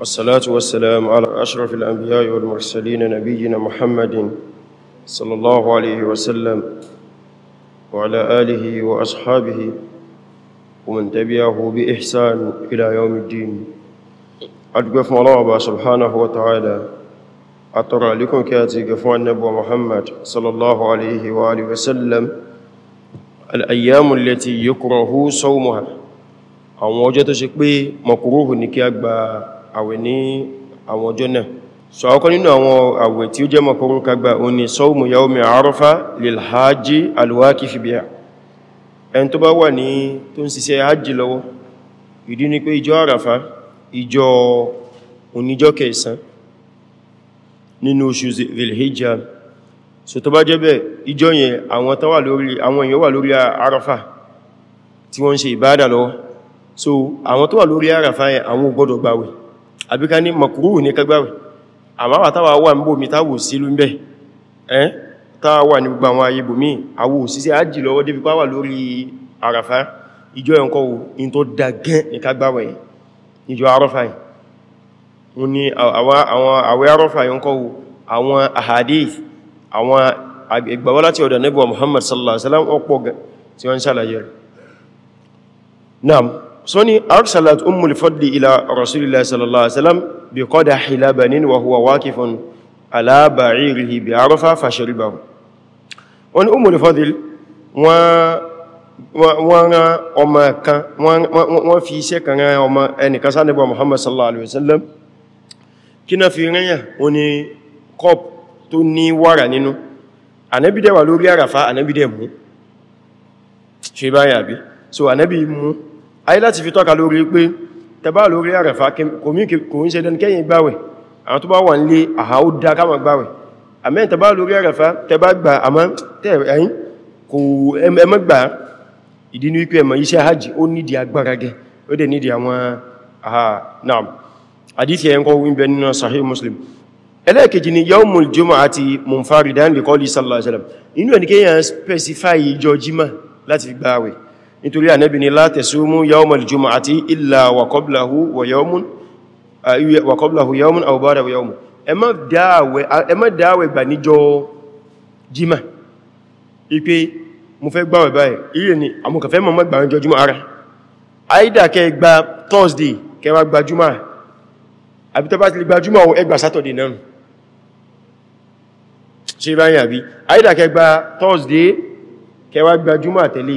والصلاة والسلام على أشرف الأنبياء والمرسلين نبينا محمد صلى الله عليه وسلم وعلى آله وأصحابه ومن تبعه بإحسان إلى يوم الدين أدقف ملابا سبحانه وتعالى أترى لكم كاتي قفوان النبو محمد صلى الله عليه وآله وسلم الأيام التي يكره صومها àwọn ọjọ́ tó مقروه نكيك mọ̀kúrúhù àwẹ̀ ní àwọn ọjọ́ náà so àkọ́kọ́ nínú àwọn àwẹ̀ tí ó jẹ́ mọ̀kọrún kagbà o ni sawmu yawmi arafa lilhaji alwaqifi biha ẹn tó bá wà ní tó ń ṣiṣẹ́ hajji lọ́wọ́ ìdí ni pé ìjọ àràfá ìjọ oníjọ́ kẹsàn nínú oṣù zilhijjá so tó bá jẹ́ bẹ́ ìjọ yẹn àwọn tó wà lórí àràfá yẹn àwọn ò gbọ́dọ̀ àbí ká ní makruhu ní kagbáwẹ̀ àmáwà táwà wà ń bò mí táwò sí lú bẹ́ ẹ́ táwà wà ní gbogbo àwọn ayé bò mí àwò òsíṣẹ́ ájì lọ́wọ́ débi pàwà lórí àràfá ìjọ ẹ̀kọ́ in tó da gẹ́ ní kagbáwẹ̀ ìjọ àrọ́fà ní àwẹ́ àrọ́fà ẹ̀kọ́ àwọn ahadith àwọn ìgbàwọ́ láti ọ̀dọ̀ Ànábì Muhammad sallallahu alaihi wasallam ọ̀pọ̀ tí wọ́n ń ṣàlàyé rẹ̀ Naam sọ́ni arsalat ummul fadli ila rasulillah sallallahu alaihi wasallam bi qadahi labanin wa huwa waqifun ala ba'irihi bi arafa fasharibahu wọ́n ni ummul fadli wọ́n rán ọmọ kan wọ́n fi iṣẹ́ kan rán ọmọ ẹnìkan sánibọ̀ muhammad sallallahu alaihi wasallam kí na fi rányà wọ́n ni kọp tó ní wàrà nínú ànábídẹ̀ wà lórí àràfá ànábídẹ̀ mú ṣe báyà bí so ànábí mú ayé láti fi tọ́ka lórí pé tẹbá lórí àrẹ̀fà kò ń ṣe dẹni kẹ́yìn gbáwẹ̀ àwọn tó bá wà nílé àháó dá káwọn gbáwẹ̀ àmẹ́ tẹbá lórí àrẹ̀fà tẹbá gbà àmọ́ tẹ́ẹ̀rẹ̀yìn kò ẹmẹ́gbà ìdí ní wípé ẹmọ̀ iṣẹ́ hajj ó nídi Muslim ẹlẹ́ẹ̀kejì ni yawmul jumu'ati munfaridan li qawli sallallahu alaihi wasallam inú ẹnikẹ́yàn specify nítorí ànábì ni la tasumu yawmal jumu'ati illa wa qablahu wa yawmun wa qablahu yawmun aw ba'dahu yawmun ẹ má dáwẹ̀ ẹ má dáwẹ̀ gbà níjọ́ jímà ipé mo fẹ́ gbàwẹ̀ báyìí ilé ni àmúkàfẹ́ mọ́ mọ́ gbà níjọ́ jímà ara àìdà kẹ gba Thursday kẹ wá gba jímà àbí tẹ́ bá ti lè gba jímà ẹ gba Saturday náà ṣe Thursday kẹ wá gba jímà tẹ̀lé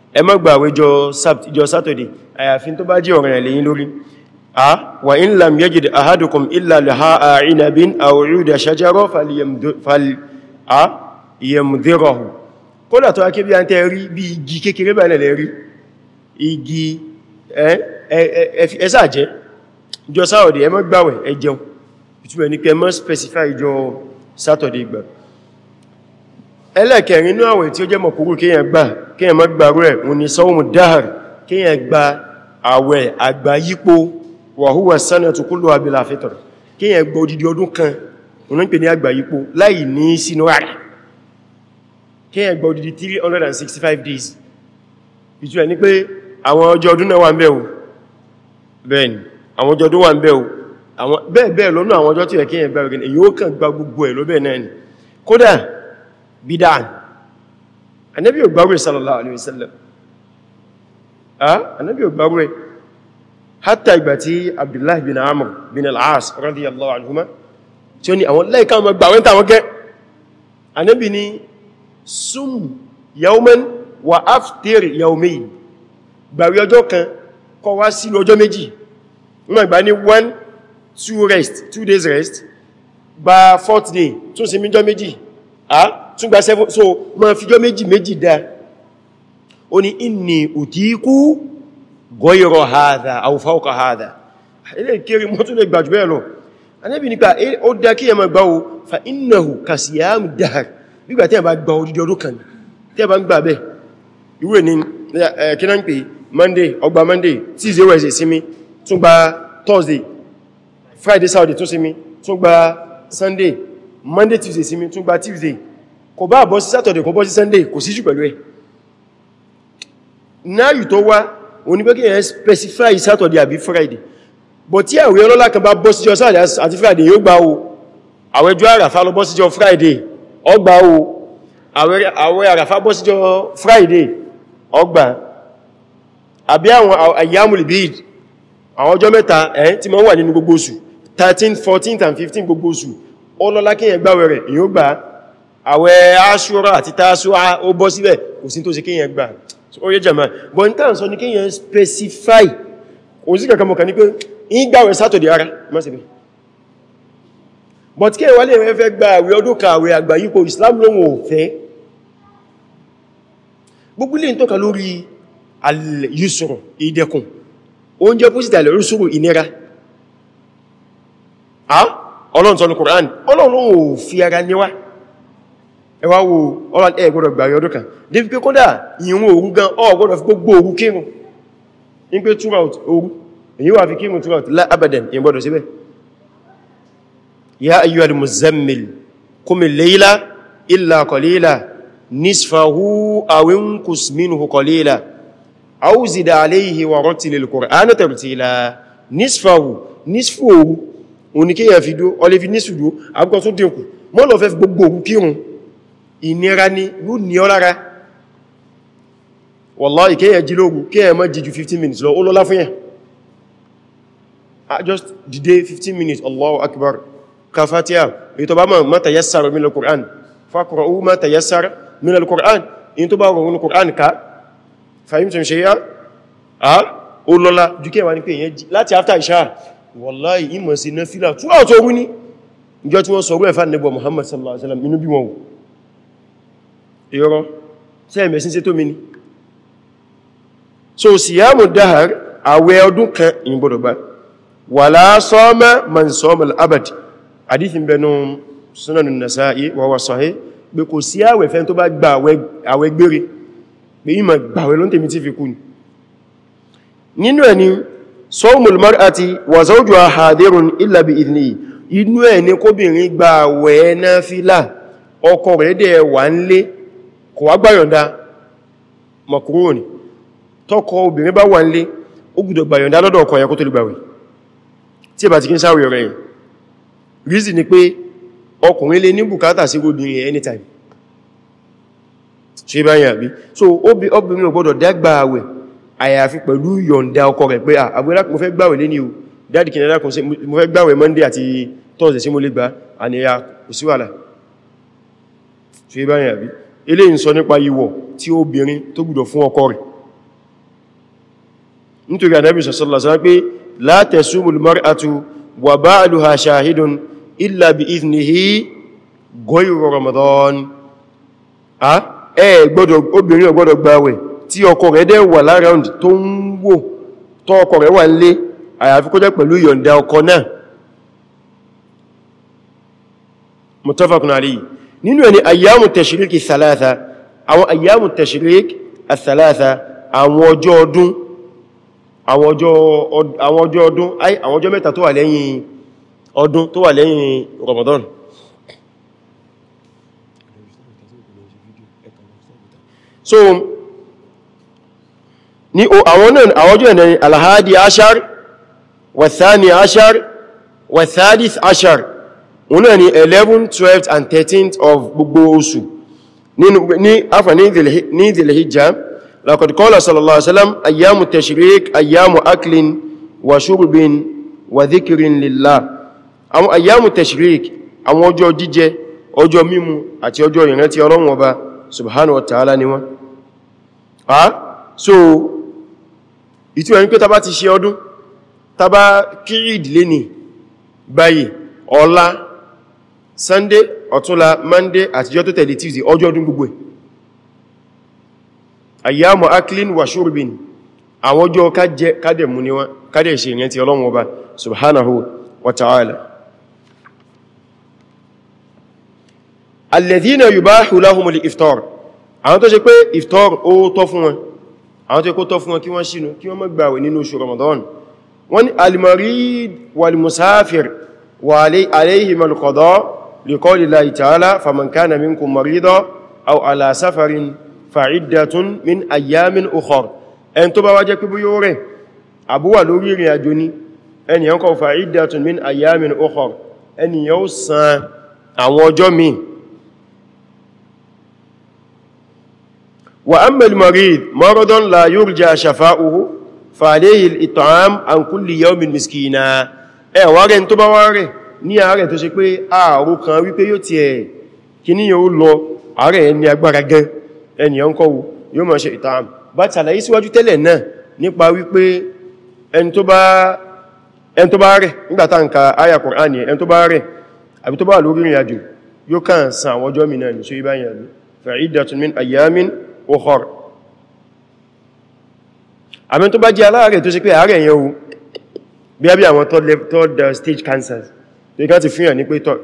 ẹ má gbà àwẹ́jọ saturday àyàfin tó bá jẹ́ ọ̀rìn ẹ̀lẹ́yìn lórí a wà in lam yajid ahadukum illa laha inabin aw uda shajara falyamdirahu kódà tó a ń tẹ́ rí bí igi kékeré bá nílẹ̀ rí igi ẹsà jẹ́ jọ saturday ẹ má gbàwẹ̀ ẹ jẹun ìtumẹ̀ ní saturday gbà ẹlẹ́kẹ̀rin ní àwẹ̀ tí ó jẹ́ mọ̀kúrú kíyàn gbà kíyàn má gbàrú ẹ̀ wọn ni sọ́wọ́mù dáhàr kíyàn gba àwẹ̀ àgbáyípo wàhúwà sánàtù kúlù abìlà fẹ́tọ̀rọ̀ kíyàn gba odidi ọdún kan wọn pè ní àgbáyípo láì ní sínú rárá kíyàn days ìtú ẹ̀ ní pé àwọn ọjọ́ ọdún náà wà ń bẹ̀ o bẹ́ẹ̀ni àwọn ọjọ́ ọdún wà ń bẹ̀ o bẹ́ẹ̀ bẹ́ẹ̀ bid'an ànábì ò gbárùẹ̀ sallallahu alaihi wasallam ànábì ò gbárùẹ̀ hatta ìgbà tí abdullah bin amr bin al-as radiyallahu anhuma tí ó ní àwọn lẹ́ẹ̀ká ọmọ gbà wẹ́ntà wọ́n kẹ́ ànábì ní sum yawman wa aftir yawmayn gbàrí ọjọ́ kan kọ wá sí ọjọ́ méjì wọ́n gbà ní one two rest two days rest gba fourth day tún sí míjọ́ méjì ah tún gba so ma fijọ́ méjì méjì dá ó ní inni utiku goyro hadha aw fawqa hadha ilé kéré mọ́ tún lè gbàjú bẹ́ẹ̀ lọ anẹ́bì nípa ó dá kí ẹmọ gbáwo fa innahu kasiyam dahr nígbà tí ẹ bá gba odidi ọdún kan tí ẹ bá ń gbà monday ọgbà monday tuesday wednesday sinmi tún thursday friday saturday tún sinmi tún sunday monday tuesday sinmi tún gba tuesday kò bá bọ́ sí Saturday kò bọ́ sí Sunday kò síjú pẹ̀lú ẹ̀ náà yìí tó wá onígbẹ́kẹ́ yẹn specify Saturday àbí Friday but tí àwẹ̀ ọlọ́lá kan bá bọ́ síjọ Saturday àti Friday yóò gbà o àwẹ̀ ọjọ́ àràfà lọ bọ́ síjọ Friday ọgbà o àwẹ̀ àràfà bọ́ síjọ Friday ọgbà àbí àwọn ayyamul bid àwọn ọjọ́ mẹ́ta ẹ̀ tí mọ́ wà nínú gbogbo oṣù and 15 gbogbo oṣù ọlọ́lá kí yẹn gbàwẹ̀ rẹ̀ yóò àwẹ̀ aṣúra àti tásúra ó bọ́ síbẹ̀ kò sí tó ṣe kíyàn gbà ó yé jẹ̀mọ́ bọ̀ ní tàà sọ ní kíyàn specify kò sí kankan mọ̀kàn ní pé ìgbàwẹ̀ sátọ̀dẹ̀ ara mọ́sílẹ̀ but kí ẹwà lè rẹ̀ gba àwẹ̀ ọdún ka àgbà yípo Islam lóhun òfẹ́ gbogbo lè tọ́ka lórí al-yusru ìdẹ̀kùn oúnjẹ púsìtà al-yusru ìnira ọlọ́run sọ ní Qur'an ọlọ́run ò ẹwà wo ọ̀rọ̀ ẹgbọ́dọ̀ gbàrí ọdún kan débi pé kódà ìrún òru gan ọgbọ́dọ̀ fi gbogbo òru kírun in pé throughout òru èyí wà fi kírun throughout la abadan ìgbọ́dọ̀ síbẹ̀ ya ayyuhal muzammil qumi layla illa qalila nisfahu aw inqus minhu qalila aw wa rattilil qur'ana tartila nisfahu nisfu òru òní kí yà fi dó ọlẹ́fi nísùdó àbúkọ̀ dínkù mọ́ lọ fẹ́ gbogbo òru ìnira ni yóò ní ọ lára wallahi ìkéyẹ̀ jí lóògùn kí ẹ má jí 15 minutes lọ ó lọ́lá fún yẹn ah, just dìde 15 minutes Allahu akbar ka fatiha èyí tó bá mọ̀ ma tayassara min al-Qur'an faqra'u ma tayassara min al-Qur'an in tó bá rọrùn Qur'an ká fahimtum shay'an a ah, ó lọ́lá ju kí ẹwà ní pé èyàn jí láti after isha wallahi ìmọ̀ sí náfílà throughout orú ní ìjọ tí wọ́n sọ orú ẹ̀fà nẹ́bọ̀ Muhammad sallallahu alaihi wasallam inú bí wọn irọ́ sí ẹ̀mẹ̀sí sí tó mi ní so siyamu dahar àwẹ̀ ọdún kan ìyìnbọ̀dọ̀ bá wala sama man sama al-abad hadithin bẹnu sunanun nasa'i wa huwa sahih pé kò sí àwẹ̀ fẹ́ tó bá gba àwẹ̀ gbére pé yí ma gbàwẹ̀ ló ń tèmi tí fi kú nínú ẹni sawmul mar'ati wa zawjuha hadirun illa bi idhni inú ẹni kóbìnrin gba àwẹ̀ náfílà ọkọ rẹ̀ dẹ̀ wà ń lé kò wá gbàyọ̀nda makruh ni tọ́kọ obìnrin bá wà nílé ó gbọ́dọ̀ gbàyọ̀nda lọ́dọ̀ ọkọ yẹn kó tó lè gbàwẹ̀ tí ẹ̀bà ti kí ń sáwẹ̀ rẹ̀ yìí reason ni pé ọkùnrin lè ní bùkátà sí obìnrin anytime ṣe báyìí àbí so obìnrin ò gbọ́dọ̀ dágbà àwẹ̀ àyàfi pẹ̀lú yọ̀nda ọkọ rẹ̀ pé àbúrẹ́ mo fẹ́ gbàwẹ̀ lé ní o dáàdì kìnnà dákùn sí mo fẹ́ gbàwẹ̀ Monday àti Thursday sí mo ṣe báyìí àbí eléyìí sọ nípa ìwọ̀ tí obìnrin tó gbọ́dọ̀ fún ọkọ rẹ̀ nítorí Ànábì sallallahu alaihi wasallam pé la tasumul mar'atu wa ba'luha shahidun illa bi idhnihi ghayra Ramadan a ẹ gbọ́dọ̀ obìnrin ò gbọ́dọ̀ gbààwẹ̀ tí ọkọ rẹ̀ dẹ̀ wà láround tó ń wò tó ọkọ rẹ̀ wà nílé àyàfi kó nínú ẹni ayyamu tashrik thalatha àwọn ayyamu tashrik thalatha àwọn ọjọ́ ọdún àwọn ọjọ́ ọdún ay àwọn ọjọ́ mẹ́ta tó wà lẹ́yìn ọdún tó wà lẹ́yìn Ramadan so ní àwọn náà àwọn ọjọ́ ẹ̀nà alhadi ashar wathani ashar wathalith ashar òun náà ni 11th 12th and 13th of gbogbo oṣù ní afa ní ìdìlẹ̀hijjá laqad qala sallallahu alaihi wasallam ayyamu tashriq ayyamu aklin wa shurbin wa dhikrin lillah àwọn ayyamu tashriq àwọn ọjọ́ jíjẹ ọjọ́ mímu àti ọjọ́ ìrántí ọlọ́run ọba subhanahu wa ta'ala ni wọ́n ha so ìtú ẹni pé ta bá ti ṣe ọdún ta bá kí ìdílé ní báyìí ọlá sunday ọ̀túnla monday àtijọ́ tó tẹ̀lé tuesday ọjọ́ ọdún gbogbo ayyamu aklin wa shurbin àwọn ọjọ́ kádẹ̀ mú ní wọn kádẹ̀ ṣe ìyẹn ti ọlọ́run ọba subhanahu wa ta'ala alladhina yubahu lahumul iftar àwọn tó ṣe pé iftar ó tọ́ fún wọn àwọn tó ṣe kó tọ́ fún wọn kí wọ́n ṣínú kí wọ́n má nínú oṣù ramadan wọ́n ni almarid wal musafir wa alayhim alqada لقول الله تعالى فمن كان منكم مريضا أو على سفر فعدة من أيام أخر ẹn tó bá wá jẹ́ pé bóyá rẹ̀ àbúwà lórí ìrìn àjò ní ẹniyàn kọ fa'iddatun min ayyamin ukhar ẹniyàn ó san àwọn ọjọ́ mi wa amma al-marid maradan la yurja shafa'uhu fa alayhi al-it'am an kulli yawmin miskina ẹwà rẹ̀ tó bá wá rẹ̀ ní àárẹ̀ tó ṣe pé ààrùn kan wípé yóò ti ẹ̀ kí ní yóò lọ àárẹ̀ ẹni agbára gan ẹniyàn kọ́wù yóò mọ̀ ṣe ìtààm bá tàlàyé síwájú tẹ́lẹ̀ náà nípa wípé ẹni tó bá rẹ̀ nígbàtà ń ka àyà Kùránì ẹni tó bá rẹ̀ àbí tó bá lórí ìrìn àjò yóò kàn sàn àwọn ọjọ́ mìíràn ní ṣe ìbáyìn àbí bí i àwọn third stage cancers tó ká ti fíyàn ní pé tọ́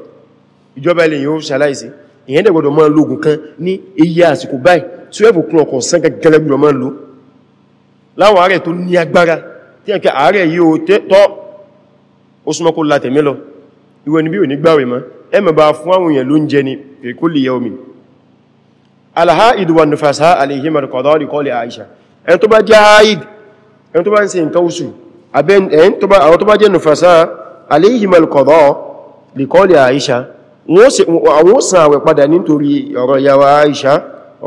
ìjọba ilẹ̀ yóò ṣaláìsí ìyẹn dẹ̀ gbọdọ̀ máa lóògùn kan ní iye àsìkò báyìí tí ó ẹ̀bùkún ọkọ̀ sán gẹ́gẹ́lẹ́ gbọdọ̀ máa lò láwọn àárẹ̀ tó ní agbára tí ẹ̀kẹ́ àárẹ̀ yóò tọ́ ó súnmọ́ kó látẹ̀mí lọ ìwọ ni bí ò ní gbààwẹ̀ ni fi kulli Aisha ẹni tó bá jẹ́ haid ẹni tó bá ń ṣe nǹkan oṣù àwọn tó bá jẹ́ nufasa alayhima al likọ́lì àìṣà wọ́n sàn àwẹ̀ padà nítorí ọ̀rọ̀ ìyàwó àìṣà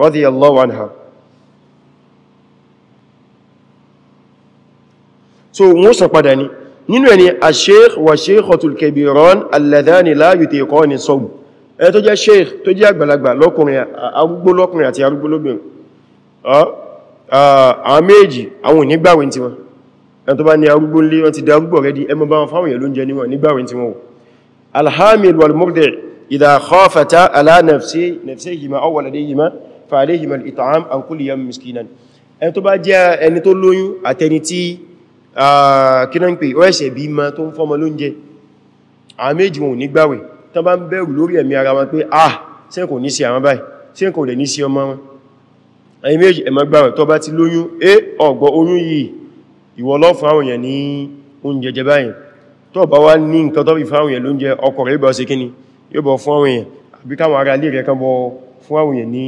radiyallahu anha so wọ́n sàn padà ní nínú ẹni ash-sheikh wa sheikhatul kabiran alladhani la yutiqani sawm ẹni tó jẹ́ sheikh tó jẹ́ àgbàlagbà lọ́kùnrin arúgbó lọ́kùnrin àti arúgbó lóbìnrin àwọn méjì àwọn onígbàwẹ̀ tí wọ́n ẹni tó bá ní arúgbó lé wọ́n ti dá arúgbó rẹ̀ di ẹmọ bá wọn fáwọn èèyàn ló ń jẹ níwọ̀n nígbàwẹ̀ tí wọ́n wọ́n الحامل والمرضع إذا خافتا على نفسي نفسيهما أو ولديهما فعليهما الإطعام عن كل يوم مسكينا ẹni tó bá jẹ́ ẹni tó lóyún àtẹni tí kíná ń pè ó ẹ̀ṣẹ̀ bí ma tó ń fọ́mọ lóúnjẹ àwọn méjì wọn ò ní gbààwẹ̀ tán bá ń bẹ̀rù lórí ẹ̀mí ara wọn pé ah ṣé kò ní sí àwọn báyìí ṣé kò dẹ̀ ní sí ọmọ wọn ẹ̀yin méjì ẹ má gbààwẹ̀ tó bá ti lóyún é ọ̀gbọ̀ oyún yìí ìwọ ló fún àwọn èèyàn ní oúnjẹ jẹ báyìí tó bá wá ní nǹkan tó bí fáwọn èèyàn ló ń jẹ ọkọ̀ rẹ̀ bọ́ sí kíní yóò bọ̀ fún àwọn àbí káwọn ará ilé rẹ̀ kan bọ̀ fún àwọn ní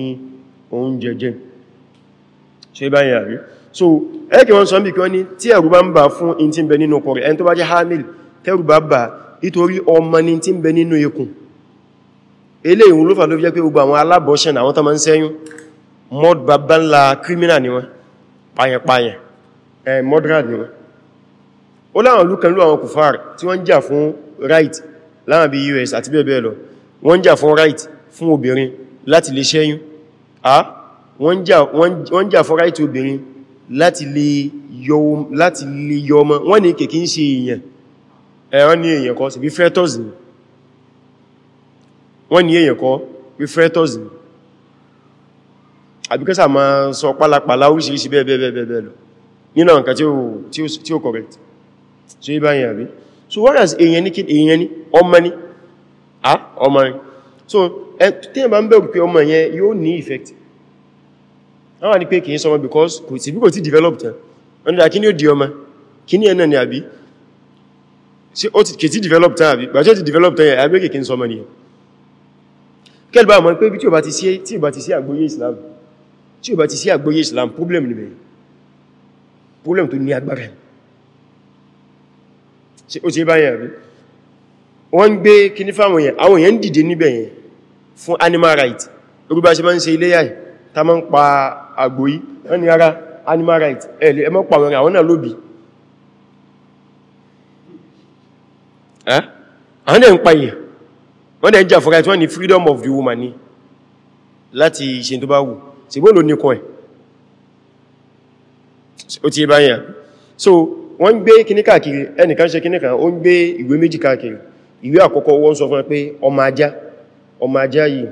oúnjẹ jẹ ṣe báyìí àrí so ẹ́kẹ̀ wọ́n sọ bí kí wọ́n ní tí ẹ̀rù bá ń bà fún in tí ń bẹ nínú ọkọ̀ rẹ̀ ẹni tó bá jẹ́ hamil tẹ́rù bá bà nítorí ọmọ ni tí ń bẹ ni wọ́n ó láwọn olú kanlú àwọn kùfàr tí wọ́n jà fún right láwọn bí US àti bẹ́ẹ̀bẹ́ẹ̀ lọ wọ́n jà fún right fún obìnrin láti lè ṣẹ́yún a wọ́n jà fún right obìnrin láti lè yọ ọmọ wọ́n ní kèkí ń ṣe èèyàn ẹ̀rọ ní èèyàn kọ́ sí bí fetus ni wọ́n ní èèyàn kọ́ bí fetus ni àbíkẹ́sà máa sọ pálapàla oríṣiríṣi bẹ́ẹ̀bẹ́ẹ̀bẹ́ẹ̀ lọ nínú nǹkan tí ó correct ṣe báyìí àbí so whereas èyàn ní kí èyàn ní ọmọ ní ah ọmọ ní so tí bá ń bẹ̀rù pé ọmọ yẹn yóò ní effect àwọn ni pé kìí sọmọ because kò tí bí kò tí develop tán ọdún kí ni ó di ọmọ kí ni ẹ̀nà ni àbí sí ó ti kìí develop tán àbí gbàjọ́ ti develop tán yẹn àbí kìí kìí sọmọ nìyẹn kẹ́lbà mọ̀ pé tí ò bá ti sí àgbóyé Islam tí ò bá ti sí àgbóyé Islam problem ni bẹ̀rẹ̀ problem tó ní agbára ó ti báyìí àbí wọ́n ń gbé kíní fáwọn èèyàn àwọn èèyàn dìde níbẹ̀ yẹn fún animal right orúbá ṣe máa ń ṣe ilé yàí ta máa ń pa àgbò yìí wọ́n ni ara animal right ẹ̀lẹ́ ẹmọ́ pa àwọn àwọn náà àwọn náà ń pa yìí wọ́n dẹ̀ jà fún right ni freedom of the woman ni láti ṣe tó bá wù ṣe bó ló kan ẹ̀ so wọ́n ń gbé kíní káàkiri ẹnìkan ṣe kíní kan ó ń gbé ìwé méjì káàkiri ìwé àkọ́kọ́ wọ́n sọ fún pé ọmọ ajá ọmọ ajá yìí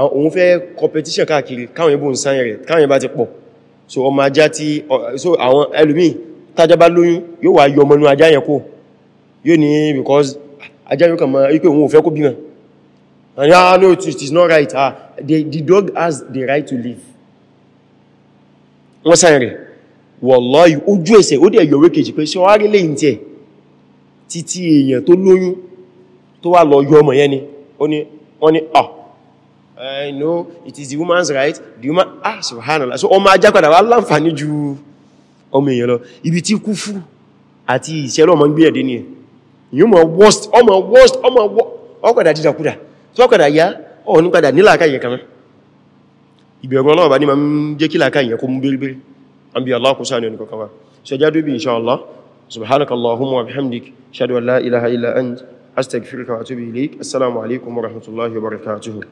òun fẹ́ competition káàkiri káwọn ibò ń sáyẹ̀ rẹ̀ káwọn ibà ti pọ̀ so ọmọ ajá tí so àwọn ẹlòmíì tájá bá lóyún yóò wá yọ ọmọnú ajá yẹn kó yóò ní because ajá yóò kàn mọ́ wípé òun ò fẹ́ kó bímọ and ah no it is not right ah the, dog has the right to live wọ́n sáyẹ̀ wọ̀lọ́yì ojú ẹsẹ̀ ó dẹ̀ yọ̀wé kejì pé ṣe wá rí lẹ́yìn tí títí èèyàn tó lóyún tó wà lọ yọ ọmọ yẹn ni wọ́n ni ah I know it is the woman's right the woman ah so ọmọ ju ọmọ èèyàn lọ ibi tí kú fú àti ọmọ ni ọmọ worst àbí Allah ku sani ní ọ̀nà kọ̀kọ̀wà ṣe bí insha Allah subhanaka Allahumma wa bihamdik shadu an la ilaha illa ant astaghfiruka wa atubu ilaik assalamu alaikum wa rahmatullahi wa barakatuh